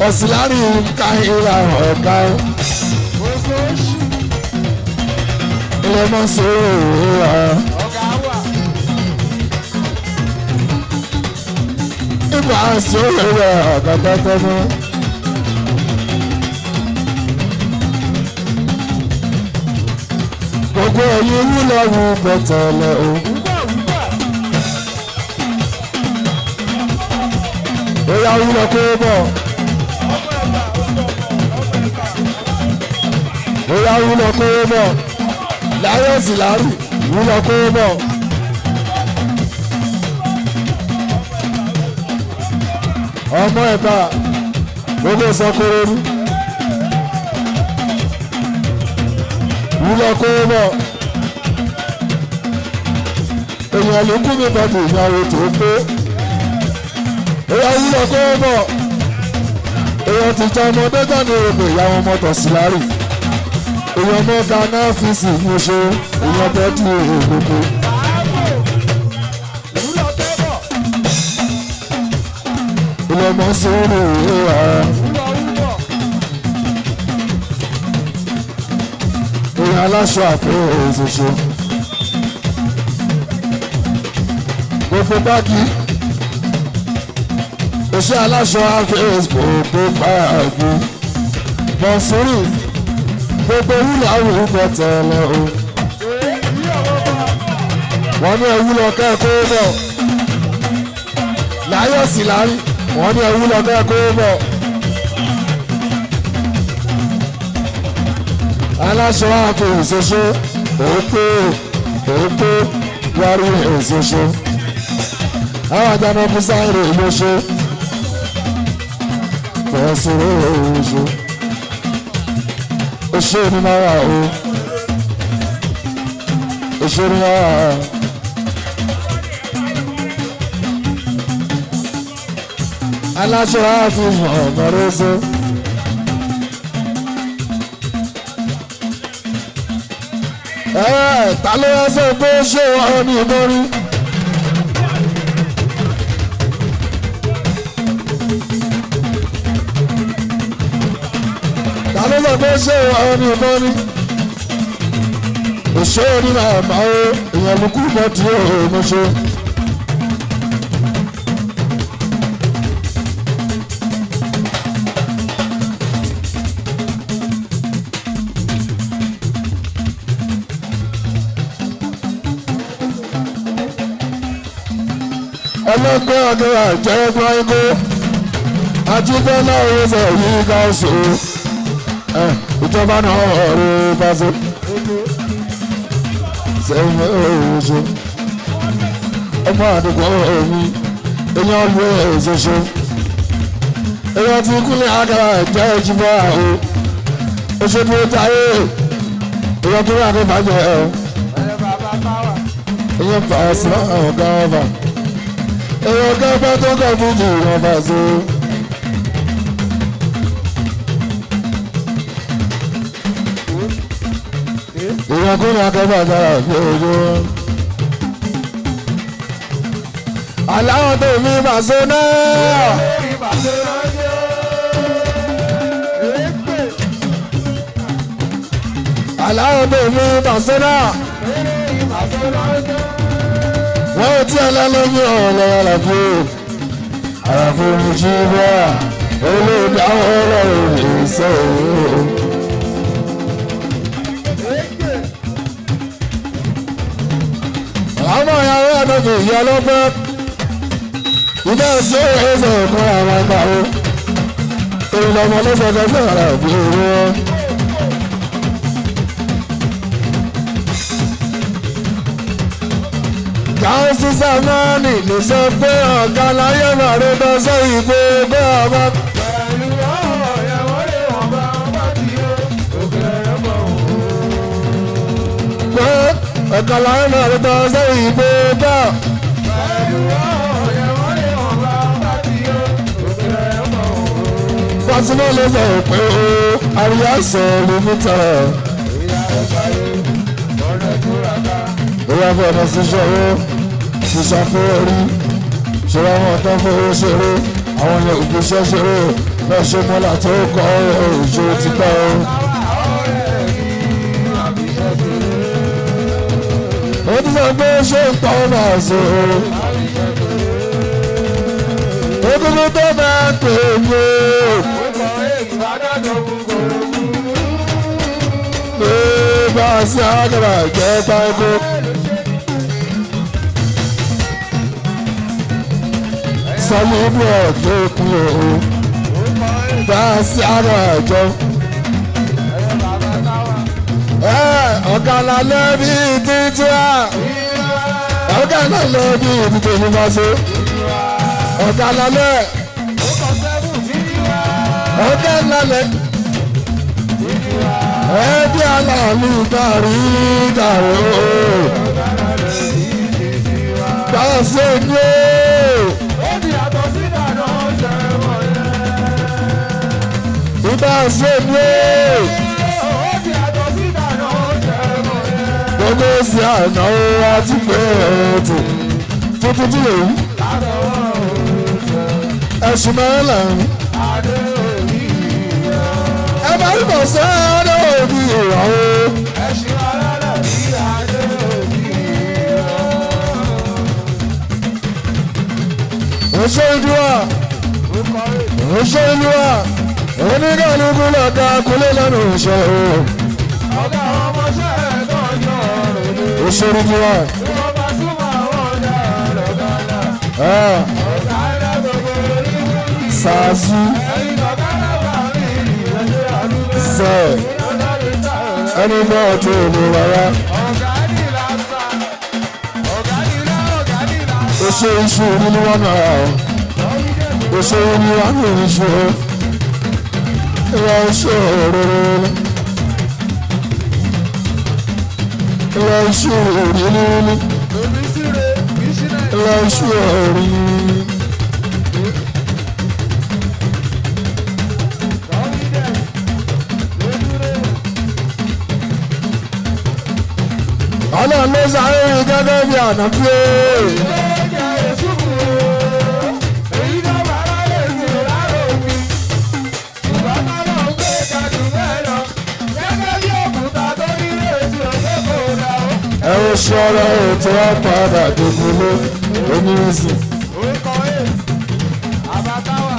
ọ̀sìlárì káyìlá ọ̀gá ilé mọ́ sórí òwúrọ̀ ibà sórí rẹ̀ ọ̀gá tẹ́tẹ́ mọ́. òde yìí lọ́rùn bẹ̀tẹ̀lẹ̀ o. Bóyá orí lọ kó bọ̀. Bóyá orí lọ kó bọ̀. Láyé sì láàrú, orí lọ kó bọ̀. Ọmọ ẹ̀bà gbogbo sọkoro ní. Wúlọ kó bọ̀ èèyàn ló kú mi bọ́dù ìyàwó tó pé èèyàn wúlò kó bọ̀ èèyàn ti jẹ ọmọdé jáde ògbò ìyàwó mọ́tò sílárì èèyàn mẹ́ta náà fi sì mú ṣe èèyàn bẹ́ẹ̀dì ògbógbó. ìlọmọ sórí òwe ara. èèyàn aláṣọ àpò òṣìṣẹ́. òfò táàkì òṣè aláṣọ afẹ́s gbogbo pààgì mọ̀sùrù gbogbo wúlò àwòrán tẹ̀lé o. wọ́n ní ewu lọ kẹ́kọ̀ọ́ bọ̀ láyọ̀ sí lárí wọ́n ní ewu lọ kẹ́kọ̀ọ́ bọ̀. aláṣọ afẹ́s ṣoṣo òpó òpó wárí ẹ̀ ṣoṣo àwọn àjànà musa èrè yóò ṣe fẹsùn èrè yóò ṣe òṣè ní náírà o òṣè ní náírà. aláṣọ àfihàn ọ̀mọ̀rẹ́sẹ̀. ẹ ta ló wá sọ pé ṣé wọn ní ìbọn rí. lọ tó ṣe ọ̀hún ní mọ́ni. Èso ní màmá o, èèyàn lukú mọ́ tí ó mọ́ ọlọ́kọ́ ọdún àjẹ́ ẹgbẹ́ ẹgbẹ́ ajíbọ́lá òwúfẹ́ yìí ká sòrò. Eh, ìjọba náà ọ̀rọ̀ pàṣẹ sẹ́yìn ọ̀ṣọ́ ọmọ àdúgbò mi èèyàn lu ẹ̀ṣọ́ṣọ́ èèyàn ti kúnlẹ̀ àgàrà ìjẹ́ ìjìbọn àhó òṣèlú táyé èèyàn tó rà ní ìbàjẹ́ ẹ̀ èèyàn pàṣẹ ọ̀gá ọba èèyàn gẹ́gẹ́ tó kọ̀ fún jù wọn pàṣẹ. ìrẹ̀kúnlẹ̀ akẹ́fà sára sí ojú. aláwọ̀ tó mi bà so náà. aláwọ̀ tó mi bà so náà. wọ́n ò tí ẹlẹ́lẹ́yìn ọ̀rọ̀ lọ́wọ́ àlàfo àlàfo mi jí bá olóòdáwọ́ ọlọ́run ìṣẹ́ òun. ọmọ ìyàwó àdókè ìyá ọlọ́pẹ́ ìdá sí ẹsẹ̀ òkun àwọn àgbàwọ̀ èròjà ọmọ lọ́sẹ̀ kẹfẹ́ ara òbí owó wọn. káńsì sàmánì lè sọ pé ọ̀gá láyé màrí lọ sọ ìgbó ọgbẹ́ ọmọ. ẹ̀ka láàrin náà ló tọ́ sẹ́yìn pé dá. Fásinà ló sọ pé o, àríyá sọ ló mú tọrọ. Ìyá fọ̀dọ̀ ṣiṣẹ́ owó, ṣiṣẹ́ fún orí, ṣọlá wọn tán fún owó ṣeré, àwọn yẹn òkú ṣẹ́ ṣeré, bẹ́ẹ̀ ṣe mọ́lá tó kọ́ òṣèlú ti pẹ́ o. sọ pé ṣé ń tọ́nà sí o. Ogúngú tó bá pè mí o. Ní bá a sí àgàrà jẹ́ táìkó. Sọlí fún ọ̀jọ̀ kú ọ̀gànà lẹ́bí títí à ọ̀gànà lẹ́bí títí ní bá ṣe ọ̀gànà lẹ́ ọ̀gànà lẹ́ ẹbí aláàlú dàrí dàrú gbàṣẹ ní o ìgbàṣẹ ní o. olóòsì àná àti pé ọ̀tún tuntun tí òun. ẹ̀sùn mẹ́rìnlá ń. ẹ máa ń bọ̀ sẹ́ adé òbí ìwà o. oṣù ìdúrà oṣù ìdúrà onígbàlùkù lọ́dà kúlẹ̀ lẹ́nu iṣẹ́ o. ó ṣeré ní wa. Sazu Zẹ ẹni náà tó omi wáyá. Ó iṣu omi wọ́n náà o. Ó ṣe omi wá ní omi ṣe o. Ìwà ó ṣe òróró. lọ sí òrìn lílí lọ sí òrìn. ọlọ́run ló sáré rí gẹ́gẹ́ bí àná pé. ẹ ó ṣọ́rọ̀ ètò ọ̀padà dògbòló oníwèsì. orúkọ ẹ̀ àbátáwà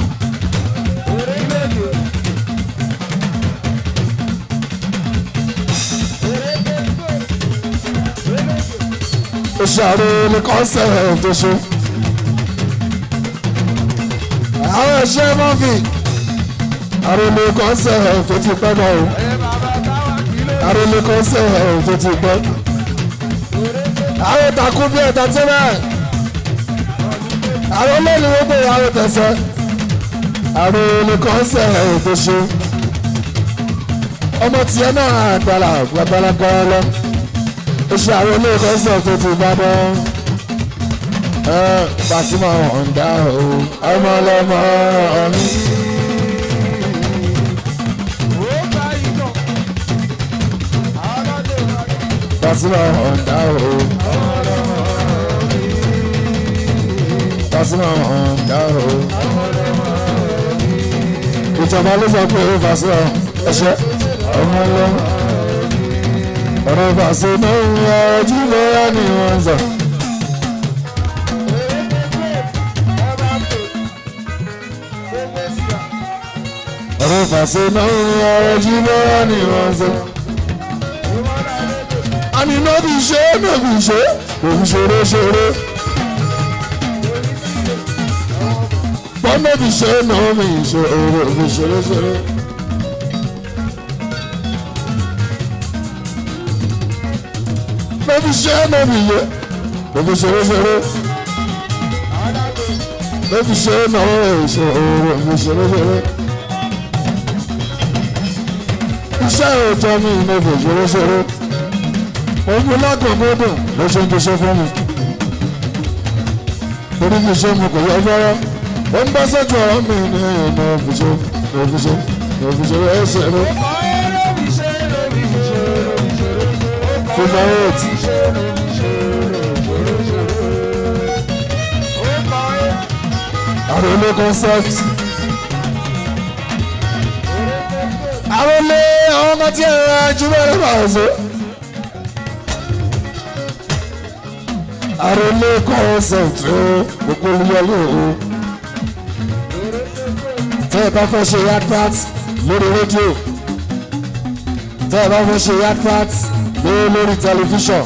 orílẹ̀-èdè. òṣàrò ní kọ́nsẹ̀ẹ̀ tó ṣe. àwọn ẹ̀ṣẹ́ mọ́fì àrùn ní kọ́nsẹ̀ẹ̀ tó ti pẹ́ náà o àrùn ní kọ́nsẹ̀ẹ̀ tó àwọn takú bí ẹ̀ta tí náà àwọn mẹ́rin ló gbèrè àwọn tẹ̀sẹ̀ àwọn olùkọ́sẹ̀ ètò ṣe ọmọ tiẹ̀ náà àgbàlá gbàgbàlagbà lọ ó ṣe àwọn olùkọ́sẹ̀ tó ti bá bọ́ Pasuma ọ̀ǹda o ọmọ ọlọ́mọ mi. Pasuma Fasina ọ̀ǹda o. ìjọba ló sọ pé Fasina ẹ̀ṣẹ́ ọmọ lọ. ọ̀rọ̀ Fasina ìyá ojú lóra ni wọ́n ń sọ. ọ̀rọ̀ Fasina ìyá ojú lóra ni wọ́n ń sọ. àní náà fi ṣe é náà fi ṣe é kò fi ṣeré ṣeré. Bọ́lá ti ṣe é náà mi ṣe òru mi ṣeré ṣeré. Bọ́lá ti ṣe é náà mi yẹ òru ṣeré ṣeré. Bọ́lá ti ṣe é náà mi ṣe òru mi ṣeré ṣeré. Iṣẹ́ ìjọ mi ni mo ṣeré ṣeré. Omi ó ń bá sójú ọ̀rọ̀ mi ní ìnà òfìṣẹ́ òfìṣẹ́ òfìṣẹ́ ẹsẹ̀ mi. fífẹ́ eight. Arole concept. Arole àwọn ọmọ tí ẹ̀rọ ajúmọ̀ rẹ̀ máa ṣe. Arole concept gbogbo olúyọlé òun tẹ́ ẹ bá fẹ́ ṣe advert lórí rédíò tẹ́ ẹ bá fẹ́ ṣe advert lórí tẹlifíṣàn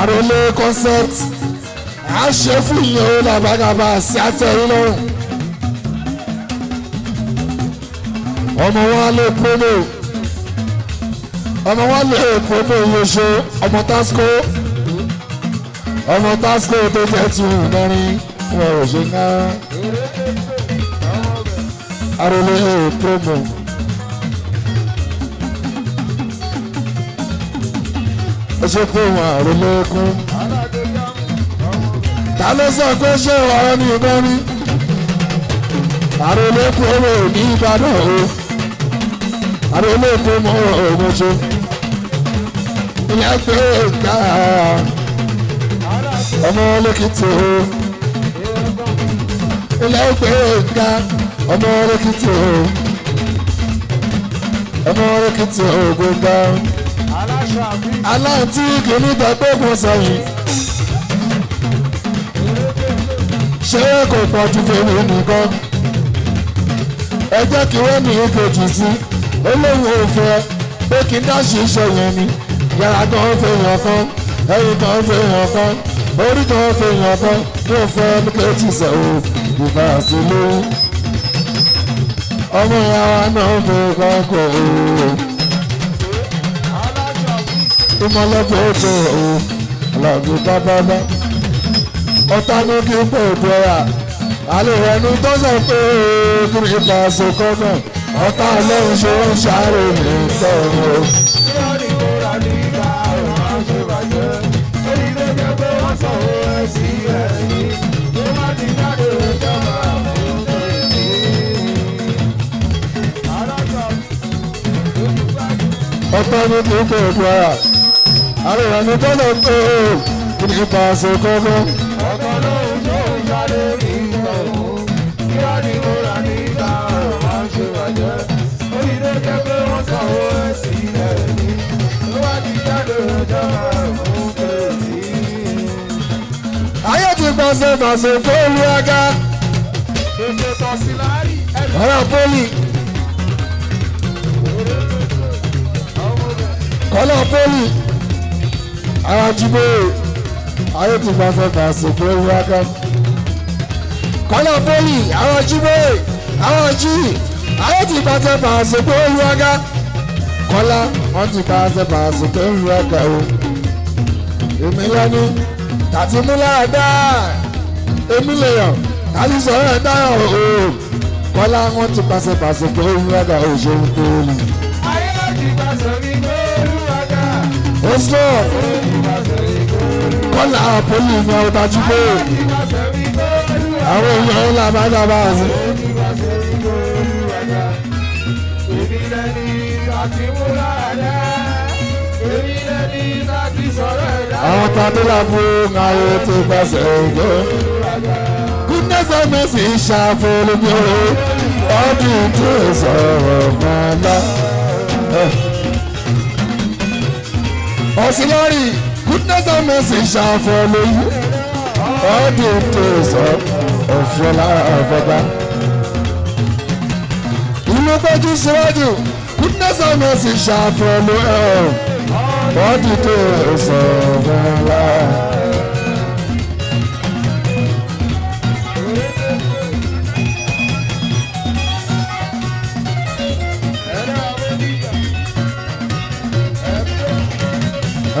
àròlé concept à ń ṣe fún ìyẹn ó làbàgàbà sí àtẹ̀yìn lọ́rùn ọmọ wa lè promo ọmọ wa lè promo iye ṣe ọmọ tasco ọmọ tasco tó jẹ́ tìrù mẹ́rin wọn ò ṣe ń ká. Arole promo. Ó ṣe pé wọn àròlé kún. Ta ló sọ pé ṣé ọ̀rọ̀ ni ìbọn rí? Àròlé promo ní Ìbàdàn o. Àròlé promo ọ̀gbọ̀n ṣe. Ìyá pé ó gbà á. Ọmọ lókìtì o. Ilé ó pé ó ọmọ rẹkìtì o ọmọ rẹkìtì o gbogbo aláǹtí kìíní gbàgbọ́gun sẹ́yìn ṣé kò pọ̀jù ko nìkan ẹ jẹ́ kí wọ́n ní ìkejì sí olóhùn òfẹ́ pé kí n dáṣì iṣẹ́ yẹn ni yàrá tó ń fẹ̀yàn kan ẹ̀yìn tó ń fẹ̀yàn kan orí tó ń fẹ̀yàn kan yóò fẹ́ ní kejì sẹ́wọ̀n ìfàsílẹ̀ ọmọ ìyá wa náà fẹ́ kọ́kọ́ o. ìmọ̀lẹ́gbẹ̀ ètò o lọ́ọ̀dún bábábá. ọ̀tá ní kí n pè pé à àlè ẹnu tó sọ pé kí n bá a sọ kọ́ náà ọ̀tá ọlọ́run ṣe ń ṣàárẹ̀ mi tọ́ ọ. ọpẹ́ ní kí n kò fún ara àwọn èèyàn mi tọ́lọ̀ pé o kí ni ipa ṣe kọ́kọ́. ọkọ lóhùn tó ń sáré kí n kọ̀ ọ́ kí á ní mo rà ní ìta ọ̀rọ̀ máa ń ṣe fún olú aga. ṣèṣe tọ̀sílárì. ọ̀rọ̀ poli. ọlọ́pọ̀lì àwọn ajíbó ayé ti bá fẹ́ bá sèké wíwáká ọlọ́pọ̀lì àwọn ajíbó àwọn ají ayé ti bá fẹ́ bá sèké wíwáká kọ́lá wọ́n ti bá fẹ́ bá sèké wíwáká o èmi lẹ́ni tàti múlára dáa èmi lè yàn tàti sọ̀rọ̀ dáa o kọ́lá wọ́n ti bá fẹ́ bá sèké wíwáká o ṣeun tó lù. Yes, Lord. Kọ́lá àpòlì ni ọ̀tá jígbó. Àwọn èèyàn ń làbá làbá àṣẹ. Àwọn tàbí làbú ayé tó gbàṣẹ ògbó. Kúndẹ́sẹ̀ mẹ́sì ṣàfọlùmí ọ̀rọ̀ ọdún tó sọ̀rọ̀ mọ́lá. Ọ̀sìnlọ́rì goodness and mercy shall follow you all the days of your life ọba. Inú péjú síwájú goodness and mercy shall follow you all the days of your life.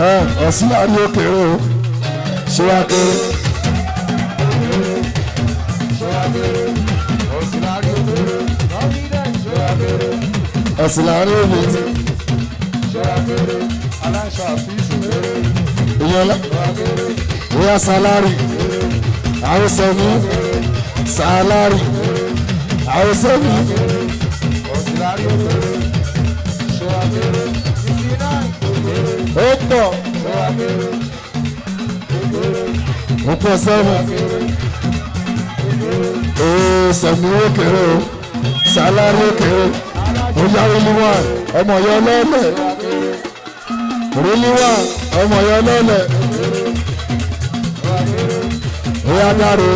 Ah, ọ̀sìn láàrin òkèrè o ṣé wàá kéré. ọ̀sìn láàrin òkèrè. ìyẹn lọ bóyá sálárì àwòsàn mi sálárì àwòsàn mi. ọ̀sìn láàrin òkèrè. Opa, ó pọ̀ sẹ́wọ̀n ee sẹ̀mí ó kéré o sálárì ó kéré ó yá rílíwà ọmọ yọ lọ́lẹ̀ rílíwà ọmọ yọ lọ́lẹ̀ ó yá dárò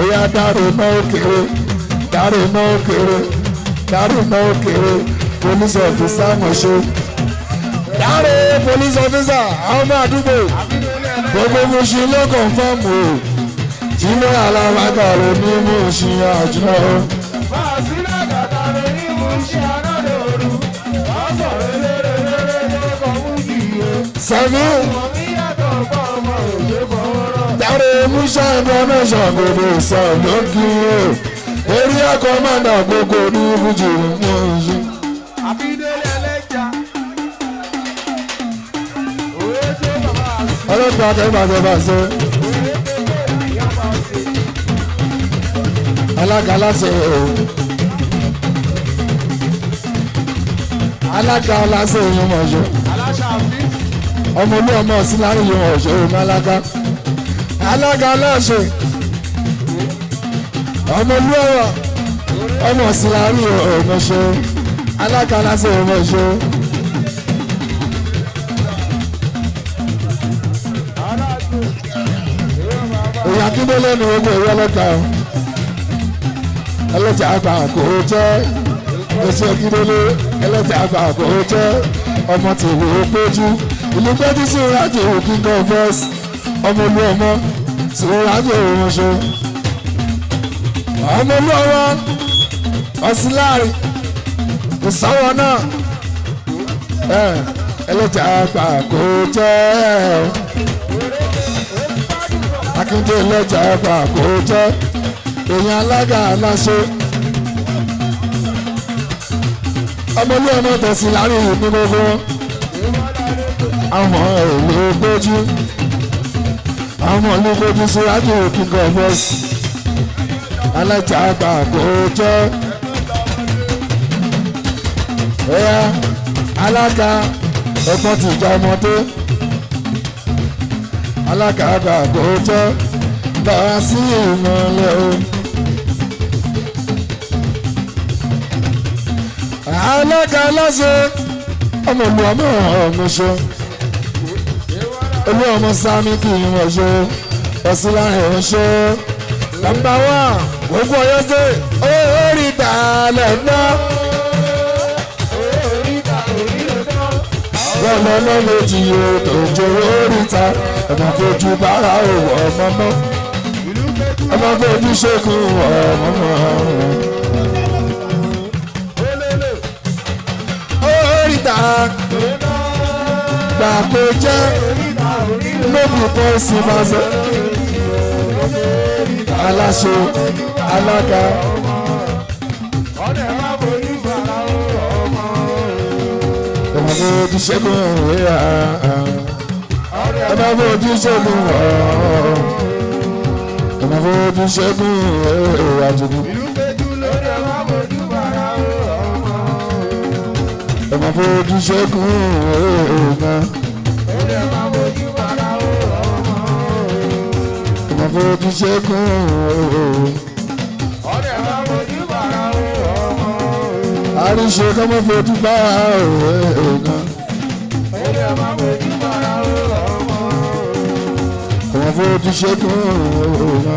ó yá dárò mọ́ ó kéré dárò mọ́ ó kéré dárò mọ́ ó kéré police officer mọ̀ ṣe police officer àwọn ọmọ àdúgbò gbogbo Mushin ló confam o jílẹ̀ alábàtà ló ní Mushin àjọ. sami dáre musa gbọ́nà ṣàgbọ́dọ̀ sàlọ́kì orí akọ́mọ́dà gbogbo ní Mushin ní Mushin. ọlọ́dún àtẹ̀bàṣẹ ala alága láṣẹ o alága láṣẹ yín mọ̀ ṣe ọmọ olú ọmọ sí láàrin yín mọ̀ ṣe òun alága alága láṣẹ ọmọ olú ọmọ ọmọ sí láàrin yín mọ̀ ṣe alága láṣẹ yín mọ̀ ṣe. akíndélé ni gbogbo ìwé ọlọ́ta o ẹlẹ́jà àgbà kò jẹ́ ẹsẹ̀ akíndélé ẹlẹ́jà àgbà kò jẹ́ ọmọ tèwé péjú ìlú péjú sí ìrajà òwò kíngọ̀ fẹ́ẹ́sì ọmọ olú ọmọ sí ìrajà òwò ránṣọ ọmọ olú ọmọ ọsíláàrí ìsáwọ náà ẹlẹ́jà àgbà kò jẹ́ ẹ̀ Akíndélé Jàgbà kò jẹ́ èèyàn alága aláṣẹ. ọmọlé ọmọ tẹ̀sí láàrin ìlú gbogbo àwọn èlò ogójì àwọn olùgbòjì síwájú òkun gọ̀ọ́fẹ́s alájà àgbà kò jẹ́ ẹ̀yà alága ẹ̀kọ́ tìjà ọmọdé alákàgbà tó tọ́ bá a sí ìmọ̀lẹ́ o. alága aláṣẹ ọmọ ìlú ọmọ ọmọṣọ olú ọmọ sami kì í mọṣọ ọsùn láàrin ọṣọ nàmbà wà gbogbo ọyọ ṣe ó rí ìtàlẹ̀ náà. lọ́lọ́lọ́ lójì yóò tó jọ ó rí ìtàlẹ̀ ọmọ fojú bára òwò ọmọ mọ́ ọmọ fojú ṣẹ́kù ọmọ mọ́. oríta gbà pé jẹ́ lóbùkọ́ sí máa sọ aláṣọ alága. ọmọ fojú ṣẹ́kù ọmọ mọ́ ẹ̀nà fojú ṣẹ́gun ẹ̀nà fojú ṣẹ́gun ẹ̀rọ àtúndì. ẹ̀nà fojú ṣẹ́gun ẹ̀nà. ẹ̀nà fojú ṣẹ́gun ẹ̀nà. àríṣe kọ́mọ́fojú bá ọ̀rẹ́ ẹ̀nà. fojú ṣẹ́gun ọ̀la.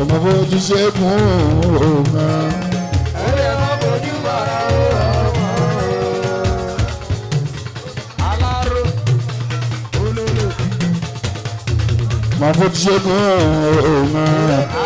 ọmọ fojú ṣẹ́gun ọ̀la. Màá fojú ṣẹ́gun ọ̀la.